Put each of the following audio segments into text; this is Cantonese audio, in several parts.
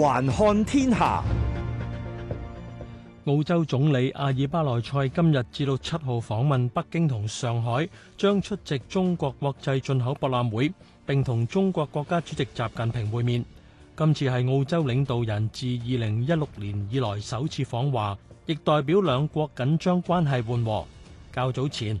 環看天下，澳洲總理阿爾巴內塞今日至到七號訪問北京同上海，將出席中國國際進口博覽會，並同中國國家主席習近平會面。今次係澳洲領導人自二零一六年以來首次訪華，亦代表兩國緊張關係緩和。較早前。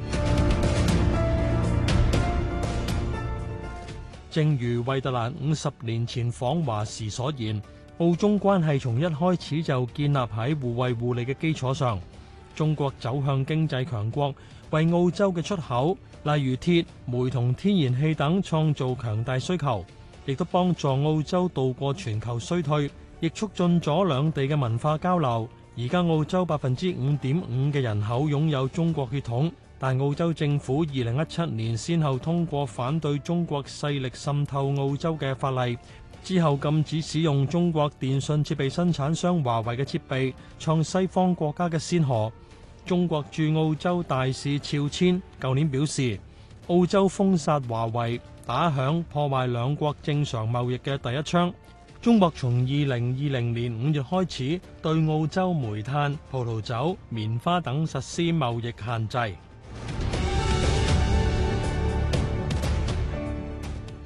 正如惠特蘭五十年前訪華時所言，澳中關係從一開始就建立喺互惠互利嘅基礎上。中國走向經濟強國，為澳洲嘅出口，例如鐵、煤、同天然氣等，創造強大需求，亦都幫助澳洲渡過全球衰退，亦促進咗兩地嘅文化交流。而家澳洲百分之五點五嘅人口擁有中國血統。但澳洲政府二零一七年先後通過反對中國勢力滲透澳洲嘅法例，之後禁止使用中國電信設備生產商華為嘅設備，創西方國家嘅先河。中國駐澳洲大使肖千舊年表示，澳洲封殺華為，打響破壞兩國正常貿易嘅第一槍。中國從二零二零年五月開始對澳洲煤炭、葡萄酒、棉花等實施貿易限制。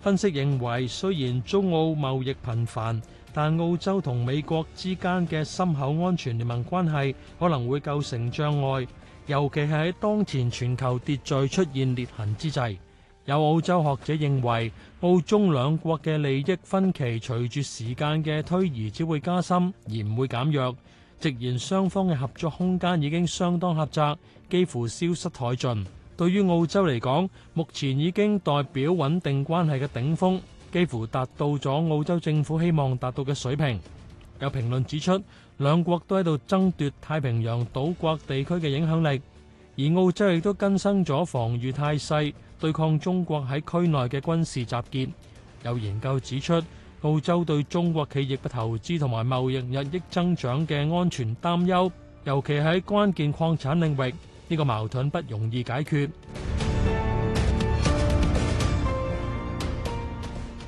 分析認為，雖然中澳貿易頻繁，但澳洲同美國之間嘅深厚安全聯盟關係可能會構成障礙，尤其係喺當前全球秩序出現裂痕之際。有澳洲學者認為，澳中兩國嘅利益分歧隨住時間嘅推移只會加深，而唔會減弱。直言雙方嘅合作空間已經相當狹窄，幾乎消失殆盡。對於澳洲嚟講，目前已經代表穩定關係嘅頂峰，幾乎達到咗澳洲政府希望達到嘅水平。有評論指出，兩國都喺度爭奪太平洋島國地區嘅影響力，而澳洲亦都更新咗防禦態勢，對抗中國喺區內嘅軍事集結。有研究指出，澳洲對中國企業嘅投資同埋貿易日益增長嘅安全擔憂，尤其喺關鍵礦產領域。呢個矛盾不容易解決。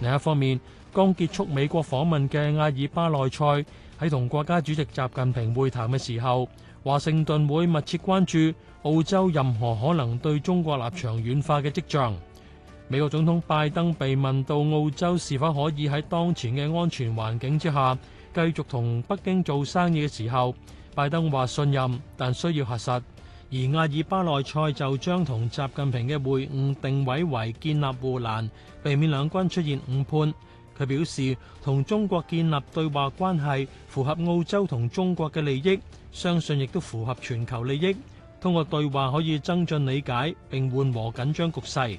另一方面，剛結束美國訪問嘅阿爾巴內塞喺同國家主席習近平會談嘅時候，華盛頓會密切關注澳洲任何可能對中國立場軟化嘅跡象。美國總統拜登被問到澳洲是否可以喺當前嘅安全環境之下繼續同北京做生意嘅時候，拜登話信任，但需要核實。而阿爾巴內塞就將同習近平嘅會晤定位為建立護欄，避免兩軍出現誤判。佢表示，同中國建立對話關係符合澳洲同中國嘅利益，相信亦都符合全球利益。通過對話可以增進理解，並緩和緊張局勢。